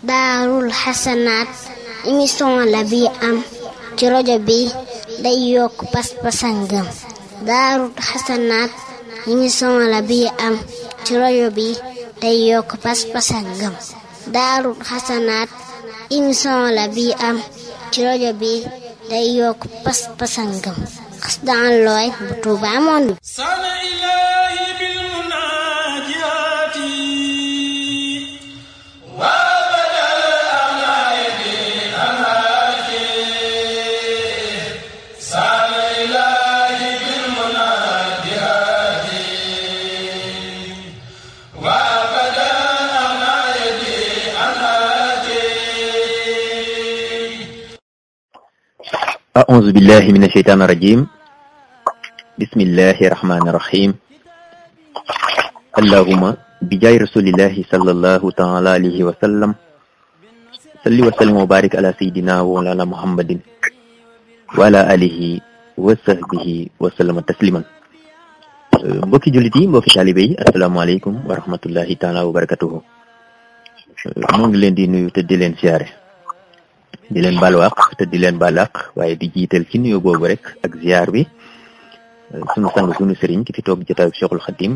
daarul xasanaat émission bi am ci rajo bi day yokk pas-pasan gëm daarul xasanaat émission bi am ci rajo bi day yokk pas-pasan gëm daarul xasanaat émission bi am ci rajo bi day yokk pas-pasan gëm xas daan bu tuuba amoon أعوذ بالله من الشيطان الرجيم بسم الله الرحمن الرحيم اللهم بجاي رسول الله صلى الله تعالى عليه وسلم صل وسلم وبارك على سيدنا وعلى محمد وعلى آله وصحبه وسلم تسليما mbokki jullit yi mbokki taalibe yi asalaamaaleykum wa rahmatullahi taala wa barakatuhu moo ngi leen di nuyu te di leen siyaare di leen balu àq te di leen baal waaye di jiital ci nuyu boobu rek ak ziar bi euh, sunu sang sunu sëriñ ki fi toog jotaayu Cheikhul Khadim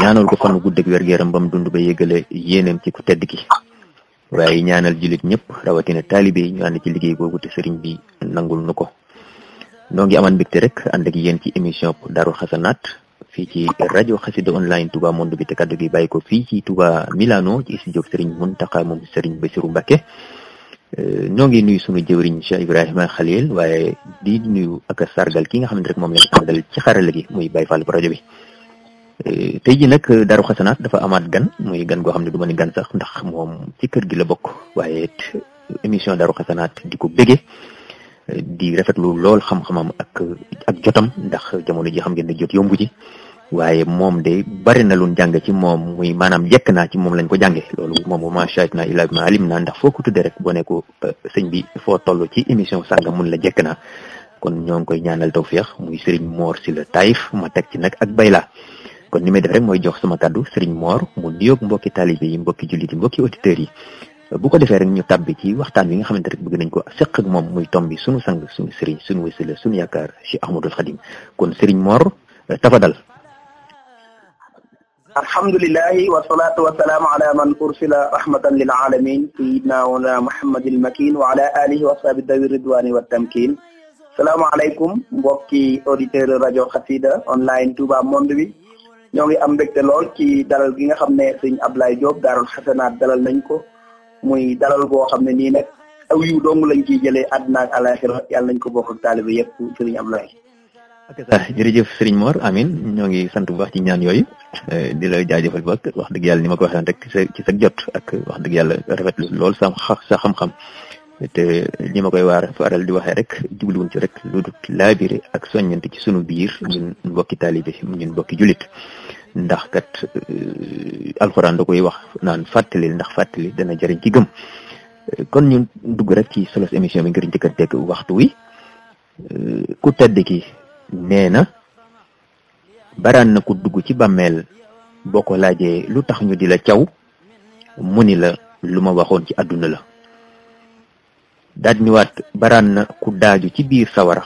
ñaanal ko fan gudd ak wér gu dund ba yëgale yéeneem ci ku tedd ki waaye ñaanal jullit ñëpp rawatina taalibe yi ñu ànd ci liggéey boobu te sëriñ bi nangul nu ko noo ngi amaan mbégte rek ànd ak yéen ci émission Daarul Xasanaat fii ci rajo Xassida online Touba monde bi te kaddu gi bàyyi ko fii ci Touba Milano ci studio Sëriñ Muntaxa moom Sëriñ Basiru Mbàkke Eh, ñoo ngi nuyu sunu jëwriñ Cheikh Ibrahima Khalil waaye di nuyu ak sargal ki nga xam ne rek moom lañ àndal ci xarala gi muy Baye Fall bu rajo bi eh, tey ji nag Daaru Xasanaat dafa amaat gan muy gan goo xam ne duma ma gan sax ndax moom ci kër gi la bokk waaye émission Daaru Xasanaat di ko bége eh, di rafetlu lool xam-xamam ak ak jotam ndax jamono ji xam ngeen ne jot yombu ci waaye moom de bari na loon jàng ci moom muy maanaam yekk naa ci moom lañ ko jànge loolu moom ma sha Allah illa ma alim naa ndax foo ko tudde rek boo ne euh, sëñ bi foo toll ci émission sang mun la jekk naa kon ñoo ngi koy ñaanal tawféex muy Serigne Mor Sylla Taïf ma teg ci nag ak Bayla kon ni may def rek mooy jox sama kàddu Serigne Mor mu nuyoog mbokki taalibe yi mbokki jullit yi mbokki auditeurs yi bu ko defee rek ñu tàbbi ci waxtaan wi nga xamante rek bëgg nañ ko seq ak moom muy tomb bi sunu sang sunu Serigne sunu wasila sunu yaakaar Cheikh Ahmadoul Khadim kon Serigne Mor euh, tafadal alhamdulilahi wasalatu wasalaamu ala man ursila rahmatan lil alamin sayidna wala muhammadil makin wa ala alihi wa sahbi dawi ridwani wa tamkin salaamaaleykum mbokki auditeur rajo xasida online touba monde bi ñoo ngi am mbégte lool ci dalal gi nga xam ne sëñ Ablaye Diop daarul xasanaat dalal nañ ko muy dalal boo xam ne nii nag aw yu dong lañ ciy jëlee àdduna ak alaxira yàlla nañ ko bokk ak taalibe yëpp sëriñ Ablaye ak ah, jërëjëf Serigne Mor amin ñoo ngi sant bu baax ci ñaan yooyu eh, di la jaajëfal ba wax dëgg yàlla ni ma ko waxee rek ci sa jot ak wax dëgg yàlla rafetlu lool sa sa xam-xam te li ma koy waar faral di waxee rek jubluwuñ ci rek lu dul laabire ak soññante ci sunu biir ñun mbokki taalibe ñun mbokki julit ndax kat eh, alxuraan da koy wax naan fàttali ndax fàttali dana jëriñ ci gëm eh, kon ñun dugg rek ki solos émission bi ngir njëkkanteeg waxtu wi ku tedd ki nee na baraan na ku dugg ci bàmmeel boo ko laajee lu tax ñu di la caw mu ni la lu ma waxoon ci àdduna la daal ni waat baraan na ku daaju ci biir sawara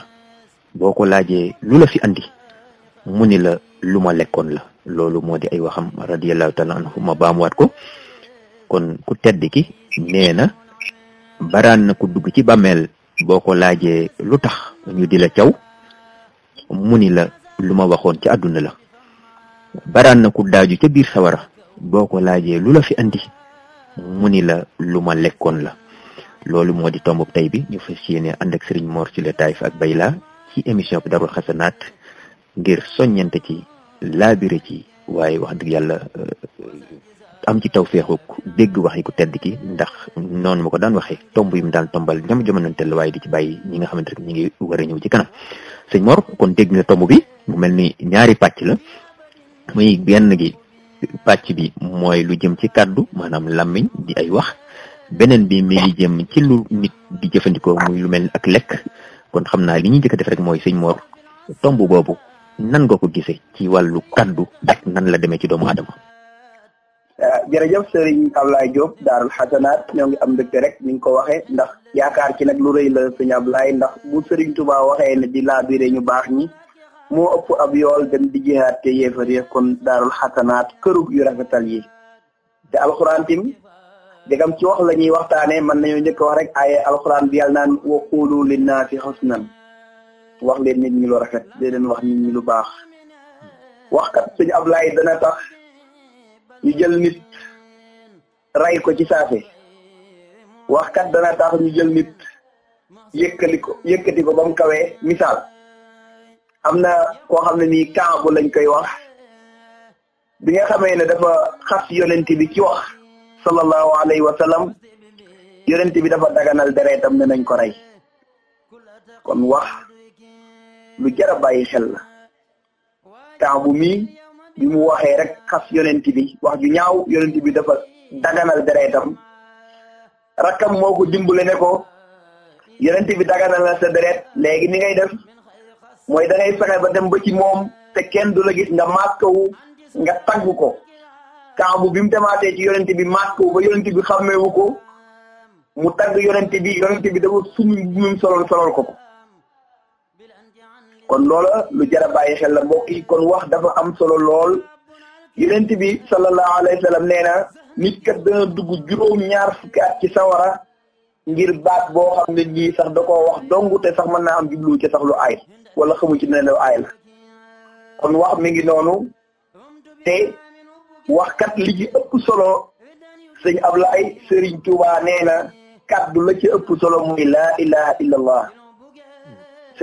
boo ko laajee lu la fi indi mu ni la lu ma lekkoon la loolu moo di ay waxam radiyallahu taala anhu ma baamuwaat ko kon ku tedd ki nee na baraan na ku dugg ci bàmmeel boo ko laajee lu tax ñu di la caw mu ni la lu ma waxoon ci àdduna la baraan na ku daaju ca biir sawara boo ko laajee lu la fi andi mu ni la lu ma lekkoon la loolu moo di tomb tey bi ñu fas yéene ànd ak Serigne Mor Sylla Taif ak laa ci émission bi Darul Xasanaat ngir soññante ci laabire ci waaye wax dëgg yàlla euh, am ci taw feexuk dégg wax yi ku tedd ki ndax noonu ma ko daan waxee tomb yi mu daan tombal ñam jamonanteel la waaye di ci bàyyi ñi nga xamante ne ñi ngi wara ñëw ci kanam sëñ Mor kon dégg nga tomb bi mu mel ni ñaari pàcc la muy benn gi pàcc bi mooy lu jëm ci kàddu maanaam làmmiñ di ay wax beneen bi mi jëm ci lu nit di jëfandikoo muy lu mel ni ak lekk kon xam naa li ñuy njëkk def rek mooy sëñ Mor tomb boobu nan nga ko gisee ci wàllu kàddu ak nan la demee ci doomu aadama Euh, jërëjëf Serigne Ablaye Diop Daarul Xasanaat ñoo ngi am mbégte rek ni nga ko waxee ndax yaakaar ki nag lu rëy la Serigne Ablaye ndax bu Serigne tubaa waxee ne di laabire ñu baax ñi moo ëpp ab yool dem di jihaat te kon Daarul Xasanaat kërug yu rafetal yi te alxuraan tim dégam ci wax lañuy ñuy waxtaanee mën nañoo njëkk wax rek ay alxuraan bi yàlla naan wa qulu linnaasi xusnan wax leen nit ñi lu rafet di leen wax nit ñi lu baax waxkat Serigne Ablaye dana tax ñu jël nit ko ci saafe waxkat dana tax ñu jël nit yëkkali ko yëkkati kawee misaal am na koo xam ne nii kaabu lañ koy wax bi nga xamee ne dafa xas yonent bi ci wax sallallahu alayhi wa sallam yonent bi dafa daganal deretam ne nañ ko rey kon wax lu jar a xel la kaabu mii bi mu waxee rek xas yonent bi wax ju ñaaw yonent bi dafa daganal deretam rakkam moo ko dimbale ne ko yonent bi daganal na sa deret léegi ni ngay def mooy da ngay ba dem ba moom te kenn du la gis nga maskawu nga tagg ko kaabu bi mu demaatee ci yonent bi maskawu ba yonent bi xàmmeewu ko mu tagg yonent bi yonent bi dafa sumi mum solol solol ko kon loola lu jar a bàyyi xel la mbokk kon wax dafa am solo lool yonent bi sallallahu alayhi wa sallam nee na nit kat dana dugg juróom ñaar fukki ci sawara ngir baat boo xam ne nii sax da koo wax dong te sax mën naa am jublu ci sax lu aay wala xamu ci ne lu aay la kon wax mi ngi noonu te wax kat li ci ëpp solo sëñ Ablaye Serigne Touba nee na kaddu la ci ëpp solo muy laa ilaha illallah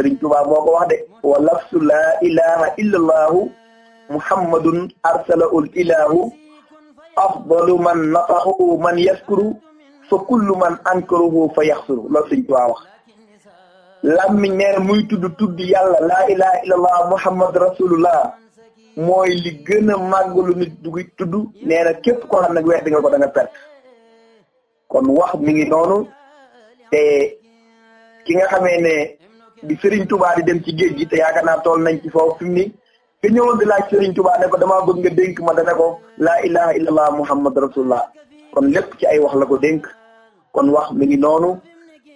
Sëriñ Tuubaa moo ko wax de wa lafsu laa ilaha illa allahu muhammadun arsalahul ilahu afdalu man nataxu man yaskuru fa kullu man ankaruhu fa yaxsuru loolu Sëriñ Tuubaa muy tudd tudd yàlla laa ilaha illa allah muhammad rasulullah mooy li gën a màggalu nit du tudd nee na képp koo xam ne ko da nga kon wax mi noonu te ki nga xamee bi Serigne Touba di dem ci géej gi te yaakaar naa tool nañ ci foofu fi ni nga ñëwoon di laaj Serigne Touba ne ko damaa bëgg nga dénk ma dana ko laa ilaha illallah muhammad rasulullah kon lépp ci ay wax la ko dénk kon wax mi ngi noonu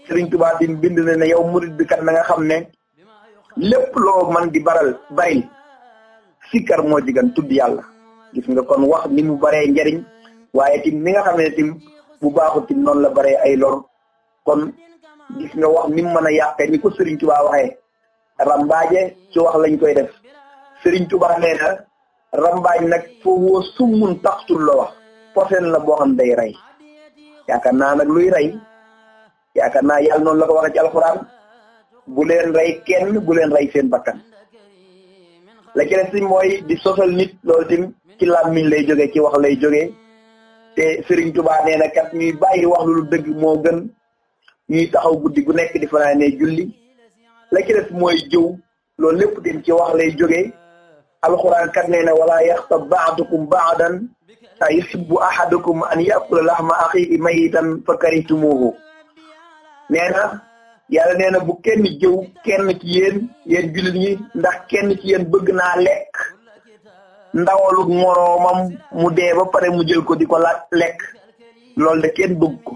Serigne Touba di bind ne ne yow murid bi kat na nga xam ne lépp loo man di baral baril sikkar moo jigan tudd yàlla gis nga kon wax ni mu baree njariñ waaye tim ni nga xam ne tim bu baaxul tim noonu la baree ay lor kon gis nga wax ni mu mën a yàqee ni ko Serigne Touba waxee rambaaje ci wax lañ koy def Serigne Touba nee na rambaaj nag foo woo summun taxtul la wax posen la boo xam day rey yaakaar naa nag luy rey yaakaar naa yàlla noonu la ko waxee ci alxuraan bu leen rey kenn bu leen rey seen bakkan la ci mooy di sosal nit loolu tim ci làmmiñ lay jógee ci wax lay jógee te Serigne Touba nee na kat ñuy bàyyi wax lu dëgg moo gën ñuy taxaw guddi gu nekk di fanaanee julli la ci def mooy jëw lool lépp dem ci wax lay jógee alxuraan kat nee na wala yaxtab baadukum baadan a yuhibbu ahadukum an yakula laxma axiihi mayitan fa karihtumuhu nee na yàlla nee bu kenn jëw kenn ci yéen yéen jullit ñi ndax kenn ci yéen bëgg naa lekk ndawalu moroomam mu dee ba pare mu jël ko di ko la lekk loolu de kenn bëgg ko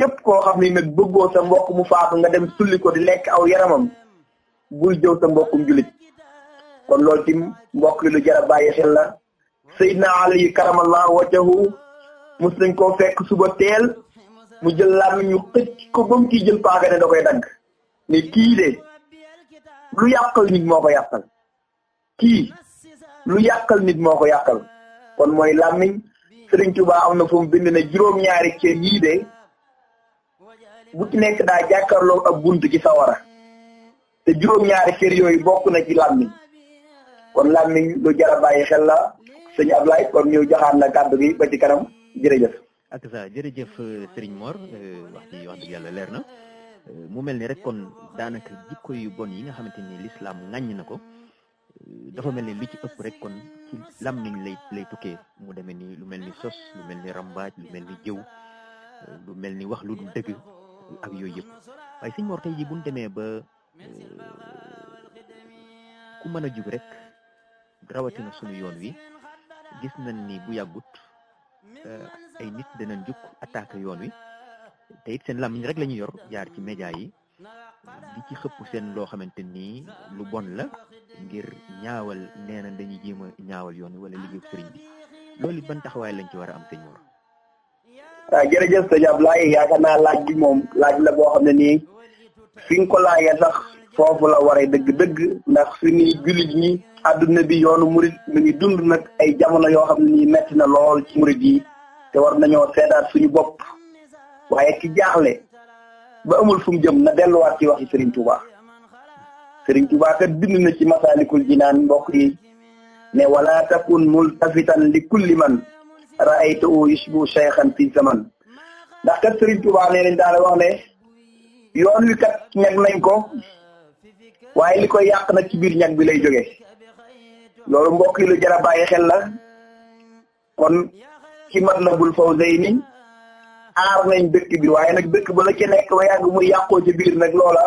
képp koo xam ne nag bëggoo sa mbokk mu faatu nga dem sulli ko di lekk aw yaramam bul jëw sa mbokkum julit kon loolu ci mbokk yi lu jar a bàyyi xel la Seydina Ali karamallahu wajhahu mos nañ koo fekk suba teel mu jël làmmiñ xëcc ko ba mu ciy jël paaga ne da koy dagg ne kii de lu yàqal nit moo ko yàqal kii lu yàqal nit moo ko yàqal kon mooy làmmiñ Sëriñ Tuubaa am na fu bind ne juróom-ñaari cër yii de bu ci nekk daa jàkkaarloo ab bunt ci sawara te juróom-ñaari kër yooyu bokk na ci làmmiñ kon làmmiñ lu jar xel la sëñ Ablaye kon ñëw joxaan la kàddu ba ci jërëjëf. ak sa jërëjëf euh, Serigne Mor euh, wax ji wax dëgg yàlla leer na euh, mu mel ni rek kon daanaka jikko bon yi nga xamante ni lislaam ŋàññ na ko dafa mel ni li ci ëpp rek kon ci làmmiñ lay lay tukkee mu demee ni lu mel ni sos lu mel ni rambaaj lu mel ni jëw lu mel ni wax lu dul dëgg. ak yooyu yëpp waaye sëñ Mor tey jii bu ñu demee ba euh, ku mën a jug rek rawatina sunu yoon wi gis nañ ni bu yàggut euh, ay nit danañ jug attaque yoon wi te it seen làmmiñ rek la yor jaar ci média yi di ci xëpp seen loo xamante nii lu bon la ngir ñaawal nee na dañuy jéem a ñaawal yoon wi wala liggéeyu sëriñ bi loolu it ban taxawaay lañ ci war a am sëñ Mor a ah, jërëjëf sëñ Ablaye yaakaar naa laaj bi moom laaj la boo xam ne nii fi nga ko laajee sax foofu la waree dëgg-dëgg ndax suñu jullit ñi adduna bi yoonu murit mi ngi dund nag ay jamono yoo xam ne nii metti na lool ci murit yi te war nañoo seedaat suñu bopp waaye ki jaaxle ba amul fu mu jëm na delluwaat ci waxi Serigne Touba Serigne Touba kat bind na ci Masaalikul Jinaan mbokk yi ne wala takun multafitan li kulli man raaytuhu yusbu shaykhan fi zaman ndax kat Serigne Touba nee nañ daal wax ne yoon wi kat ñag nañ ko waaye li koy yàq nag ci biir ñag bi lay jóge loolu mbokk yi lu jar xel la kon ci Matlabul Fawzayni aar nañ dëkk bi waaye nag bëkk bala la ca nekk ba yàgg muy yàqoo ci biir nag loola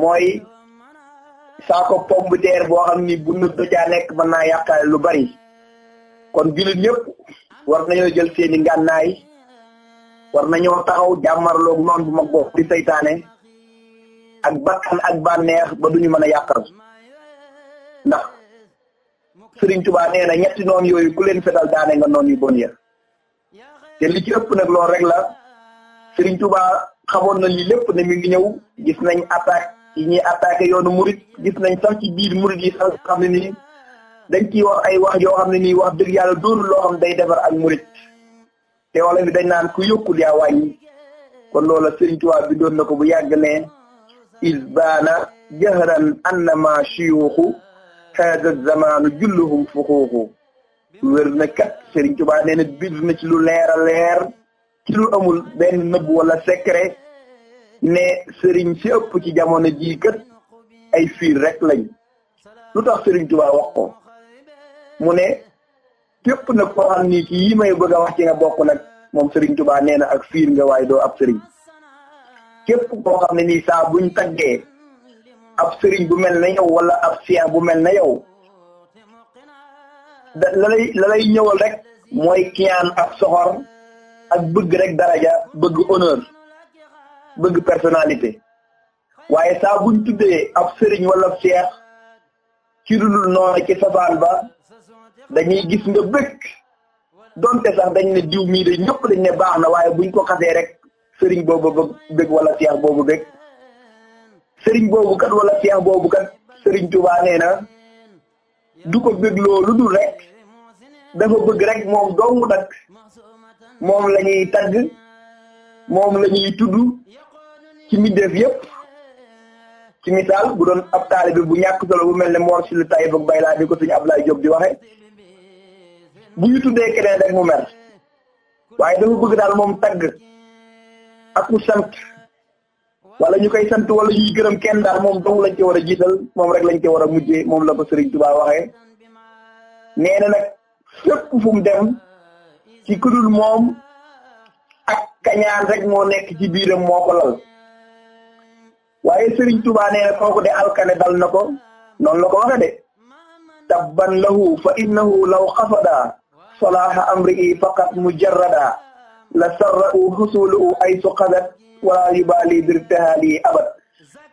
mooy saako pomme de terre boo xam ni bu nut da nekk mën naa yàqaale lu bari kon jullit ñëpp war nañoo jël seeni ngànnaay war nañoo taxaw jàmmarloog noon bu mag boobu di saytaane ak bakkan ak bànneex ba duñu mën a yàqal ndax Sëriñ Tuubaa nee na ñetti noon yooyu ku leen fetal daane nga noon yu bon ya te li ci ëpp nag loolu rek la Sëriñ Tuubaa xamoon na lii lépp ne mi ngi ñëw gis nañ attaque yi ñuy attaqué yoonu murit gis nañ sax ci biir murit yi xam ne nii dañ ki wax ay wax yoo xam ne nii wax dëgg yàlla doonul loo xam day defar ak murit te wala bi dañ naan ku yokkul yaa wàññi kon loola Sëriñ Tuubaa bi na ko bu yàgg ne isbaana jahran annama shuyuuxu haada zamaanu julluhum fuxuuxu wér na kat Sëriñ Tuubaa nee na na ci lu leer leer ci lu amul benn nëbb wala secret ne sëriñ si ëpp ci jamono ji kat ay fiir rek lañ lu tax Sëriñ Tuubaa wax ko mu ne képp nag koo xam ni ci yi may bëgg a wax bokk nag moom Serigne Touba nee na ak fiir nga waaye doo ab Serigne képp koo xam ne ni saa buñ taggee ab Serigne bu mel na yow wala ab Cheikh bu mel na yow da la lay la rek mooy kiyaan ak soxor ak bëgg rek daraja bëgg honneur bëgg personnalité waaye saa buñ tuddee ab Serigne wala Cheikh ci dulul noonu ci safaan ba. dañuy gis nga bëgg donte sax dañ ne diw mii de ñëpp dañ ne baax na waaye buñ ko xasee rek sëriñ boobu bëgg walla wala seex boobu bëgg sëriñ boobu kat wala seex boobu kat sëriñ Tuubaa na du ko bëgg loolu dul rek dafa bëgg rek moom dong nag moom la ñuy tagg moom la ñuy tudd ci mbindeef yépp ci misaal bu doon ab taalibe bu ñàkk solo bu mel ne Mor Sylla Taïb bay Bayla bi ko suñu Ablaye Diop di waxe bu ñu tuddee keneen rek mu mer waaye dafa bëgg daal moom tagg ak sant wala ñu koy sant wala ñuy gërëm kenn daal moom dong lañ ci war a jiital moom rek lañ ci war a mujjee moom la ko Serigne Touba waxee nee na nag fépp fu dem ci kudul moom ak kañaan rek moo nekk ci biiram lal waaye Serigne Touba nee na kooku de alkane dal na ko noonu la waxe de tabban lahu fa innahu law xafada صلاح أمره فقط مجردا لسره حصوله أيس قدت ولا يبالي بارتهاله أبدا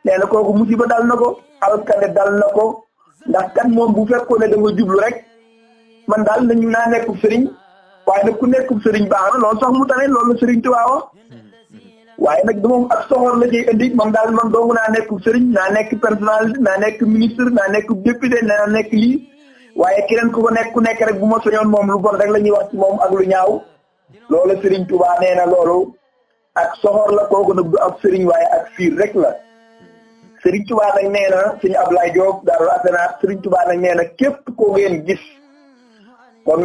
nee na kooku musiba dal na ko alkane dal na ko ndax kan moom bu fekkoon ne dafa jublu rek man daal nañu naa nekku sëriñ waaye nag ku nekku sëriñ baax na loolu sax mu tane loolu sëriñ Tuubaa wax waaye nag moom ak soxor la ciy indi moom daal man doomu naa nekku sëriñ naa nekk personnalité naa nekk ministre naa nekk député naa nekk lii waaye keneen ku ko nekk ku nekk rek bu ma soñoon moom lu bon rek la ñuy wax ci moom ak lu ñaaw loolu Serigne Touba nee na loolu ak soxor la kooku nag du ab Serigne waaye ak fiir rek la Serigne Touba nag nee na suñu Ablaye Diop Darou Assana Serigne Touba nag nee na képp koo ngeen gis kon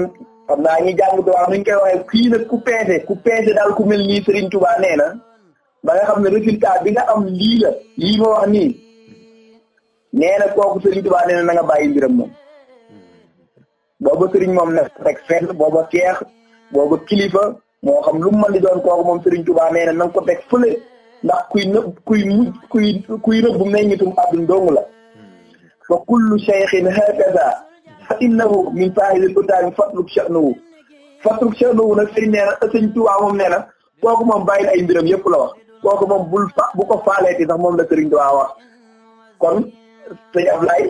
xam naa ñi jàng te wax nuñ koy waxee kii nag ku peese ku peese daal ku mel nii Serigne Touba nee na ba nga xam ne résultat bi nga am lii la lii ma wax nii nee na kooku Serigne Touba nee na bàyyi mbiram moom. booba sëriñ moom ne rek fenn booba keex booba kilifa moo xam lu mu mën di doon kooku moom sëriñ Tuubaa nee na na ko rek fële ndax kuy nëb kuy mujj kuy kuy rëbb meññitum àdduna dong la fa kullu cheikhin hakaza fa innahu min faahidil utaami fatruk sha'nahu fatruk sha'nahu nag sëriñ nee na sëriñ Tuubaa moom nee na kooku moom bàyyil ay mbiram yëpp la wax kooku moom bul fa bu ko faaleeti sax moom la sëriñ Tuubaa wax kon sëñ Ablaye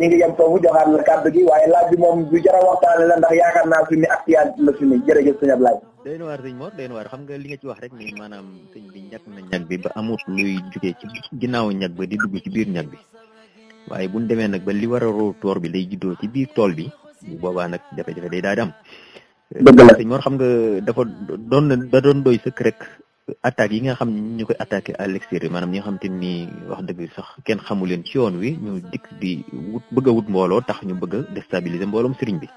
ni ngi yem foofu joxaat la kàddu waaye laaj moom bu jar a waxtaane la ndax yaakaar naa fi ni actualité la fi ni jërëjëf waar xam nga li nga ci wax rek ni maanaam sëñ bi ñag na ñag bi ba amut luy jugee ci ginnaaw ñag ba di dugg ci biir ñag bi waaye buñ demee nag ba li war a rootoor bi lay juddoo ci biir tool bi bu boobaa nag jafe-jafe day daal di am xam nga dafa doon da doon doy sëkk rek attaques yi nga xam ne ñu koy attaqué à l'extérieur maanaam ñi nga xam te ni wax dëgg sax kenn xamu leen ci yoon wi ñu dikk di wut bëgg wut mbooloo tax ñu bëgg a déstabiliser mbooloom sëriñ bi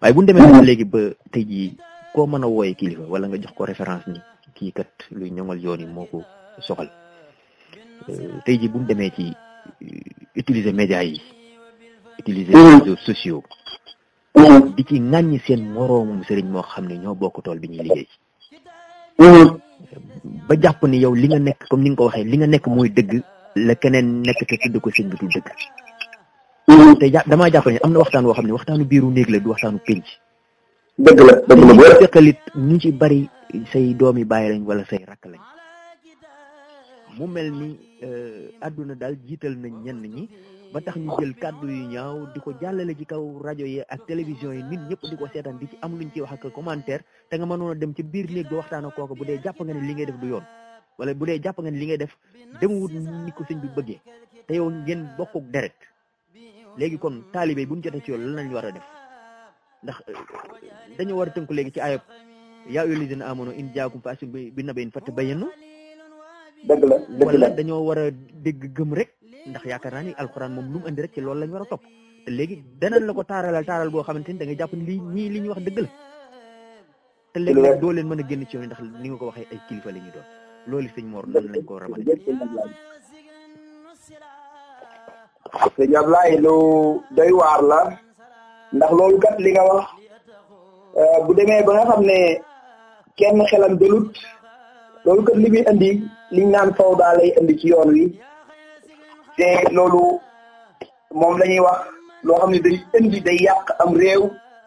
waaye bu ñu demee ba léegi ba tey jii koo mën a wooyee kilifa wala nga jox ko référence ni kii kat luy ñoŋal yoon yi moo ko soxal euh, tey jii bu demee ci euh, utiliser médias yi. utiliser réseaux sociaux. di ci ŋàññi seen moroomum sëriñ moo xam ne ñoo bokk tool bi ñuy liggéey. Mm-hmm. ba jàpp ni yow li nga nekk comme ni nga ko waxee li nga nekk mooy dëgg la keneen nekk te tudd ko sëñ bi du dëgg. Mm-hmm. te damaa jàpp ne am na waxtaan woo xam ne waxtaanu biiru néeg la du waxtaanu pénc. dëgg la dëgg la bu wér fekkalit ñu ci bari say doomi bàyyi lañ wala say rakk lañ mu mel ni euh, àdduna daal jiital nañ ñenn ñi. ba tax ñu jël kàddu yu ñaaw di ko jàllale ci kaw rajo yi ak télévision yi nit ñëpp di ko seetaan di ci am luñ ci wax ak commentaire te nga mënoon a dem ci biir néeg waxtaan ak bu dee jàpp nga ne ngay def du yoon wala bu dee jàpp nga ne li ngay def demewut ni ko sëñ bi bëggee te ngeen bokkuk deret léegi kon taalibe buñ jotee ci yoon lan lañ war a def euh, dañoo war a léegi ci ayab yaa ayyuhal lazina aamanu in jaakum faasiqun bi naba'in fatabayyanu dëgg la dëgg la wala dañoo war a dégg gëm rek ndax yaakaar naa ni alxuraan moom lu mu andi rek ci loolu lañ war a topp te léegi danañ la ko taaralal taaral goo xamante ni da ngay jàpp ni lii li ñu wax dëgg la te léegi nag doo leen mën a génn ci yoon ndax ni nga ko waxee ay kilifa la ñu doon loolu ko ramale sëñ Ablaye lu doy waar la ndax loolu kat li nga wax euh, bu demee ba nga xam ne kenn xelam delut loolu kat li muy andi liñ naan faw daa lay andi ci yoon wi te loolu moom la ñuy wax loo xam ne day indi da yàq am réew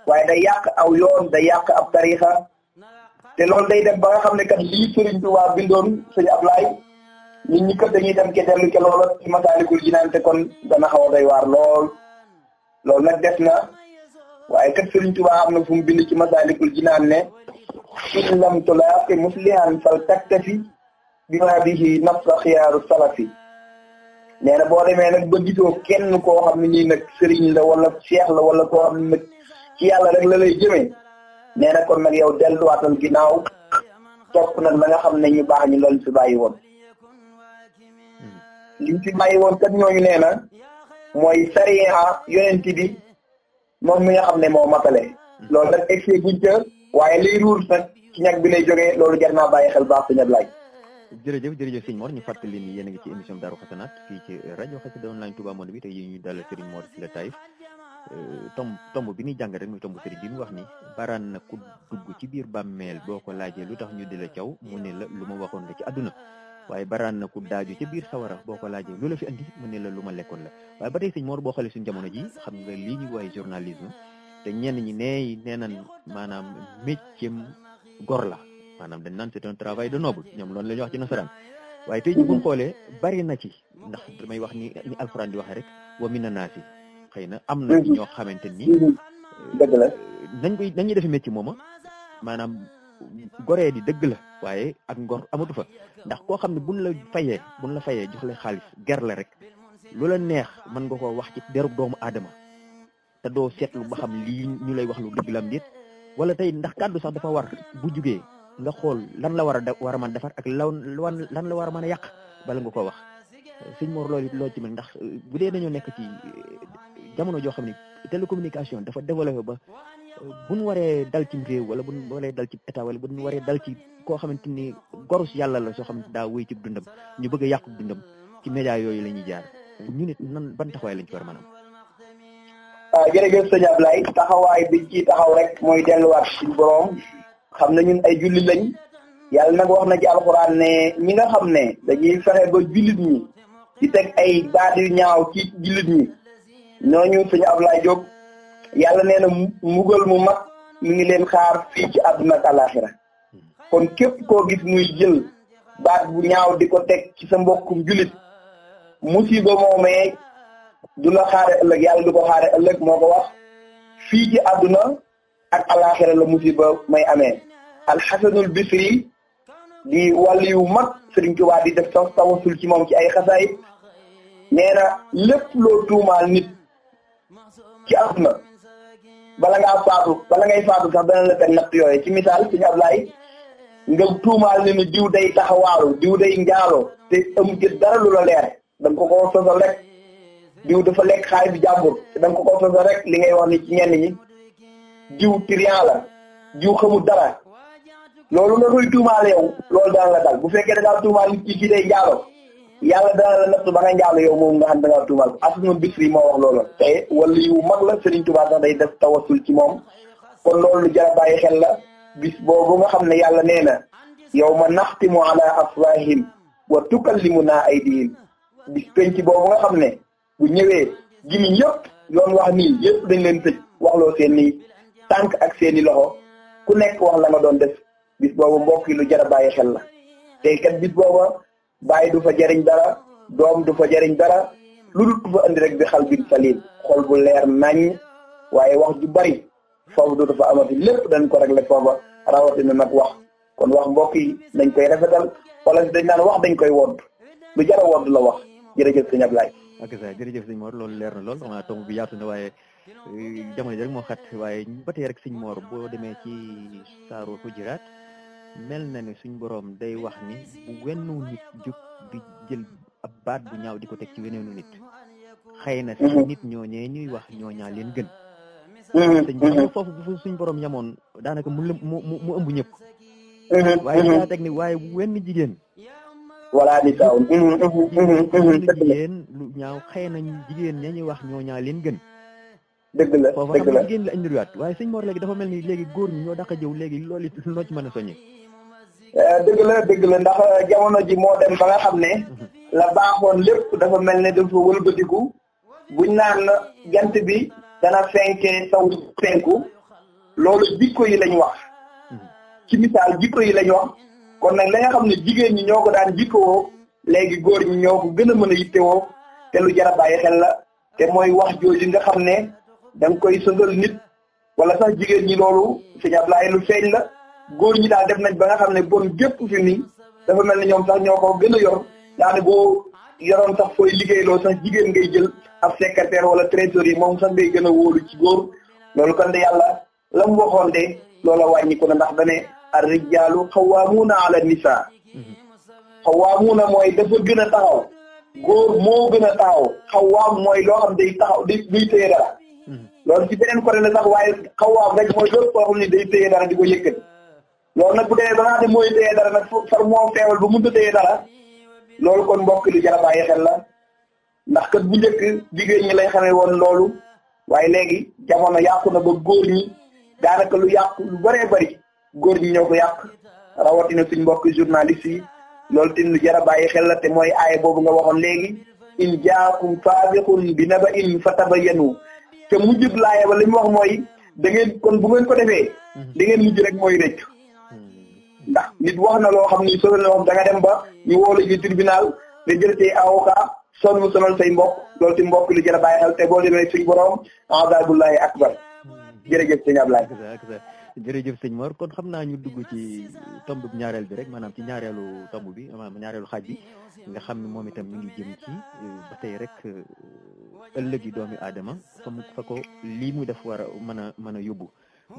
waaye day yàq aw yoon da yàq ab tarixa te lool day def ba nga xam ne kat lii Sëriñ Tuubaa bindoon sëñ Ablaay nit ñi kat dañuy dem ke dellu ke loola ci Masaalikul Jinaan te kon dana xaw a doy waar lool loolu nag des na waaye kat Sëriñ Tuubaa am na fu mu bind ci Masaalikul Jinaan ne in lam tulaaqi muslihan fal taktafi bima bihi nafsa xiyaaru salafi nee na boo demee nag ba gisoo kenn koo xam ne nii nag sëriñ la wala seex la wala koo xam ne nag ci yàlla rek la lay jëmee nee na kon nag yow delluwaatal ginnaaw topp nag la nga xam ne ñu baax ñu loolu bàyyi woon hmm. li ñu fi bàyyi woon kat ñooñu nee na mooy sariya yonent bi moom mi nga xam ne moo matale hmm. loolu nag excès guñ ca waaye liy ruur nag ci ñag bi lay jógee loolu jar naa bàyyi xel baax suñu laaj jërëjëf jërëjëf sëñ Mor ñu fàttali ni yéen ngi ci émission Daaru Xasanaat fii ci rajo Xassida Online Touba Monde bi te yi ñu dalal sëriñ Mor Sylla Taif euh, tomb tomb bi ñuy jàng rek muy tomb sëriñ bi mu wax ni baraan na ku dugg ci biir bàmmeel boo ko laajee lu tax ñu di la caw mu la lu ma waxoon la ci àdduna waaye baraan na ku daaju ca biir sawara boo ko laajee lu la fi andi mu ne la lu ma lekkoon la waaye ba tey sëñ Mor boo xoolee suñu jamono ji xam nga lii ñu waaye journalisme te ñenn ñi nee nee nañ maanaam méccem gor la maanaam dañ naan c'est un travail de noble ñoom loolu la ñuy wax ci nasaraan waaye tey jii bu xoolee bari na ci ndax damay wax ni ni alxuraan di waxee rek wa mina naasi xëy na am na ñoo xamante ni. dëgg la euh, nañ koy nañ ñuy defee métier maanaam goree di dëgg la waaye ak ngor amatu fa ndax koo xam ne buñ la fayee buñ la fayee jox la xaalis ger rek lu la neex mën nga ko wax ci derub doomu aadama te doo seetlu ba xam lii ñu lay wax lu dëgg la am wala tey ndax kàddu sax dafa war bu jugee nga xool lan la war a a mën defar ak law lan la war a a yàq bala nga ko wax sëñ Mor loolu it loo ci mel ndax euh, bu dee dañoo nekk ci euh, jamono joo xam ne télécommunication dafa développé ba euh, bu ñu waree dal ci réew wala bu ñu waree dal ci état wala bu ñu waree dal ni gorus yàlla la soo xamante daa wéy ci dundam ñu bëgg a yàqu dundam ci média yooyu la ñuy jaar ñu nit nan ban taxawaay lañ ci war a mën am waaw ah, jërëjëf sëñ Ablaye taxawaay bi ci taxaw rek mooy delluwaat ci boroom xam na ñun ay jullit lañ yàlla nag wax na ci alxuraan ne ñi nga xam ne dañuy fexe ba jullit ñi di teg ay baat yu ñaaw ci jullit ñi ñooñu suñu Ablaye Diop yàlla nee na mbugal mu mag mu ngi leen xaar fii ci àdduna ak àlaxira kon képp koo gis muy jël baat bu ñaaw di ko teg ci sa mbokkum jullit musiba moomee du la xaare ëllëg yàlla du ko xaare ëllëg moo ko wax fii ci àdduna ak alaxira la musiba may amee alxasanul bisri di wàll yu mag Sëriñ Tuubaa di def sax tawasul ci moom ci ay xasaayit nee na lépp loo tuumaal nit ci àdduna bala ngaa faatu bala ngay faatu sax dana la natt yooyu ci misaal Sëriñ Ablaay nga tuumaal ne ni diw day taxawaalu diw day njaaloo te amu ci dara lu la leer da nga ko koo sosal rek diw dafa lekk xaalis jàmbur te da nga ko koo sosal rek li ngay wax ni ci jiw triant la jiw xamul dara loolu nga koy tuumaale yow loolu daan la dal bu fekkee da ngaa tuumaal nit ki ci day njaalo yàlla dana la natt ba nga njaalo yow moom nga xam da ngaa tuumaal asuma bisri moo wax loolu te wala la Serigne Touba sax day def tawasul ci moom kon loolu lu a xel la bis boobu nga xam ne yàlla nee na yow ma naxtimu ala afwahim wa limu naa aydihim bis ci boobu nga xam ne bu ñëwee gimiñ yëpp yoon wax nii yëpp dañ leen tëj waxloo seen nii tànk ak seeni loxo ku nekk wax la nga doon def bis boobu mbokk yi lu jar a bàyyi xel la te kat bis booba bàyyi du fa jariñ dara doom du fa jariñ dara lu dul fa andi rek bi xal bin salim xol bu leer nañ waaye wax ju bari foofu dootu fa amati lépp dañ ko réglé foofa rawatina nag wax kon wax mbokk yi dañ koy rafetal wala dañ naan wax dañ koy wodd lu jar a wodd la wax jërëjëf sëñ Ablaye. ak sa jërëjëf sëñ Mor loolu leer na lool xam bi yaatu na waaye. jamono ji rek moo xat waaye ba rek sëñ Moor boo demee ci saaru Hujuraat mel na ne suñ boroom day wax ni bu wennu nit di jël ab baat bu ñaaw di ko teg ci weneenu nit xëy na sax nit ñooñee ñuy wax ñooñaa leen gën sëñ bi foofu bu suñ boroom yamoon daanaka waaye bu wenn jigéen lu ñaaw xëy na jigéen ña ñuy wax ñooña leen gën dëgg la dëgg la jigéen la indiwaat waaye sëñ Mor léegi mel ni léegi góor ñoo daq a jëw léegi loolu it noo ci mën a soññee. Eh, dëgg la dëgg la ndax eh, jamono ji moo dem ba nga xam ne. Mhm. la baaxoon lépp dafa mel ne dafa wëlbatiku buñ naan jant bi dana fenkee taw fenku loolu jikko yi lañ wax. Mhm. ci misaal jikko yi lañ wax kon nag la nga xam ne jigéen ñi ñoo ko daan jikkowoo léegi góor ñi ñoo ko gën a mën a yittewoo te lu jar xel la te mooy wax jooju nga xam ne. da koy sëngal nit wala sax jigéen ñi loolu sëñ Ablaye lu feeñ la góor ñi daa dem nañ ba nga xam ne bon gépp fi nii dafa mel ne ñoom sax ñoo ko gën a yor yoroon sax fooy liggéeyloo sax jigéen ngay jël ab secrétaire wala trésorier moom sax ngay gën a wóolu ci góor loolu kon de la mu waxoon de loola wàññi na ndax dane ar rijaalu xawaamuuna ala nisaa xawaamuuna mooy dafa gën a taxaw góor moo gën a taxaw xawaam mooy loo xam day taxaw di luy loolu ci beneen côté la sax waaye xawaaf rek mooy lépp koo xam ne day téye dara di ko yëkkati loolu nag bu demee ba nga mooy téye dara nag far moo feewal ba mënut a téye dara loolu kon mbokk li jar a bàyyi xel la ndax kat bu njëkk jigéen ñi lay xamee woon loolu waaye léegi jamono yàqu na ba góor ñi daanaka lu yàqu lu baree bëri góor ñi ñëw ko yàq rawatina suñ mbokk journaliste yi loolu tin lu jar a bàyyi xel la te mooy aaye boobu nga waxoon léegi in jaakum faasiqun bi naba'in fatabayyanu te mujjub laaya ba li wax mooy dangeen kon bu ngeen ko defee mhm. da ngeen mujj rek mooy rëccu hmm. ndax nit wax na loo xam ni solo na loo xam da nga dem ba ñu woolu ci tribunal nga jël ci avocat sonn say mbokk loolu ci mbokk li jël a bàyyi xel te boo demee suñ borom azabullahi akbar hmm. jërëjëf sëñ kon xam naa ñu dugg ci tomb bu ñaareel bi rek maanaam ci ñaareelu tomb bi maanaam ñaareelu xaaj bi nga xam ne moom itam mi ngi jëm ci eh, ba tey rek eh, ëllëgi doomi aadama fa mu fa ko lii muy def war a mën a mën a yóbbu